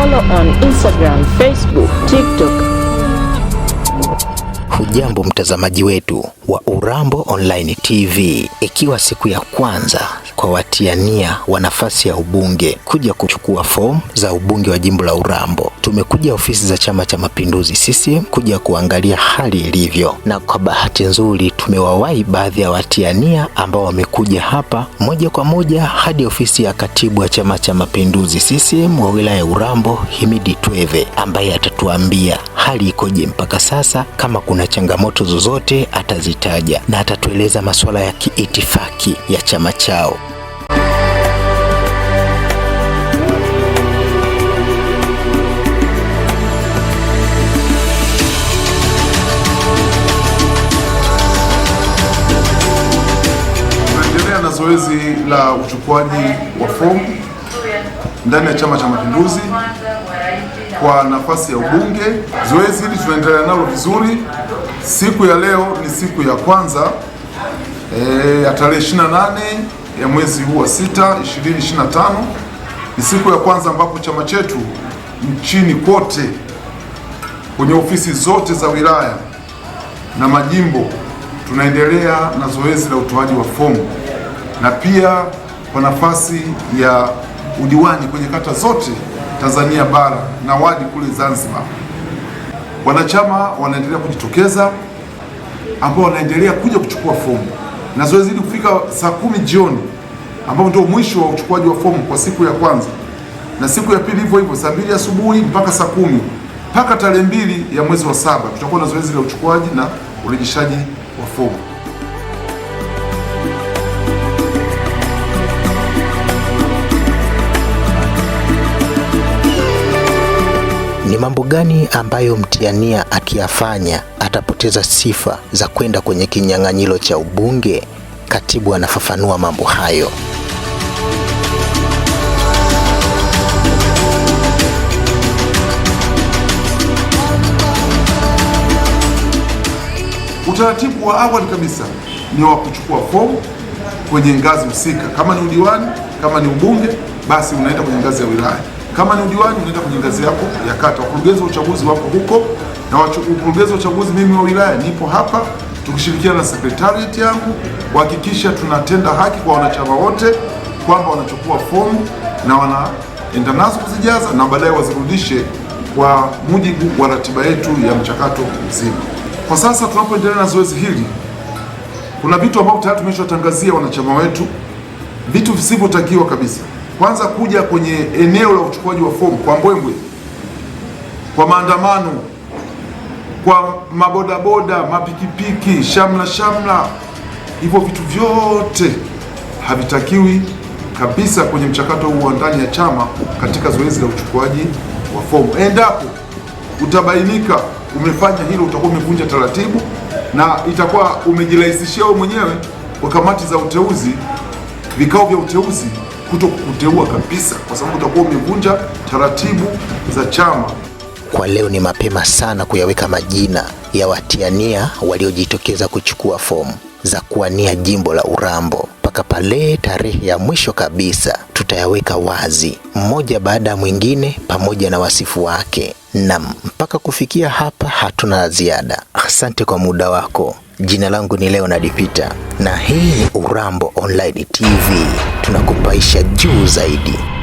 follow on Instagram, Facebook, TikTok. Hujambo mtazamaji wetu wa Urambo Online TV, ikiwa siku ya kwanza kwa watiania wa nafasi ya ubunge kuja kuchukua fomu za ubunge wa jimbo la Urambo tumekuja ofisi za Chama cha Mapinduzi CCM kuja kuangalia hali ilivyo, na kwa bahati nzuri tumewawahi baadhi ya watiania ambao wamekuja hapa moja kwa moja hadi ofisi ya katibu wa Chama cha Mapinduzi CCM wa wilaya ya Urambo, Himidi Tweve, ambaye atatuambia hali ikoje mpaka sasa, kama kuna changamoto zozote atazitaja na atatueleza masuala ya kiitifaki ya chama chao. zoezi la uchukuaji wa fomu ndani ya Chama cha Mapinduzi kwa nafasi ya ubunge. Zoezi hili tunaendelea nalo vizuri. Siku ya leo ni siku ya kwanza e, ya tarehe 28 ya mwezi huu wa 6 2025 ni siku ya kwanza ambapo chama chetu nchini kote kwenye ofisi zote za wilaya na majimbo tunaendelea na zoezi la utoaji wa fomu na pia kwa nafasi ya udiwani kwenye kata zote Tanzania bara na wadi kule Zanzibar. Wanachama wanaendelea kujitokeza ambao wanaendelea kuja kuchukua fomu na zoezi hili kufika saa kumi jioni ambapo ndio mwisho wa uchukuaji wa fomu kwa siku ya kwanza, na siku ya pili hivyo hivyo saa mbili asubuhi mpaka saa kumi mpaka tarehe mbili ya mwezi wa saba tutakuwa na zoezi la uchukuaji na urejeshaji wa fomu. Ni mambo gani ambayo mtiania akiyafanya atapoteza sifa za kwenda kwenye kinyang'anyiro cha ubunge? Katibu anafafanua mambo hayo. Utaratibu wa awali kabisa ni wa kuchukua fomu kwenye ngazi husika, kama ni udiwani, kama ni ubunge, basi unaenda kwenye ngazi ya wilaya kama ni diwani, unaenda kwenye ngazi yako ya kata. Wakurugenzi wa uchaguzi wako huko, na wakurugenzi wa uchaguzi, mimi wa wilaya nipo hapa, tukishirikiana na sekretarieti yangu kuhakikisha tunatenda haki kwa wanachama wote, kwamba wanachukua fomu na wanaenda nazo kuzijaza na baadaye wazirudishe kwa mujibu wa ratiba yetu ya mchakato mzima. Kwa sasa tunapoendelea na zoezi hili, kuna vitu ambavyo tayari tumeshatangazia wanachama wetu, vitu visivyotakiwa kabisa kwanza kuja kwenye eneo la uchukuaji wa fomu kwa mbwembwe, kwa maandamano, kwa mabodaboda, mapikipiki, shamla shamla, hivyo vitu vyote havitakiwi kabisa kwenye mchakato huu wa ndani ya chama katika zoezi la uchukuaji wa fomu. Endapo utabainika umefanya hilo, utakuwa umevunja taratibu na itakuwa umejirahisishia wewe mwenyewe kwa kamati za uteuzi, vikao vya uteuzi kuto kuteua kabisa, kwa sababu utakuwa umevunja taratibu za chama. Kwa leo ni mapema sana kuyaweka majina ya watiania waliojitokeza kuchukua fomu za kuwania jimbo la Urambo mpaka pale tarehe ya mwisho kabisa tutayaweka wazi mmoja baada ya mwingine, pamoja na wasifu wake. Nam, mpaka kufikia hapa hatuna ziada. Asante kwa muda wako. Jina langu ni Leonard Peter na hii ni Urambo Online TV, tunakupaisha juu zaidi.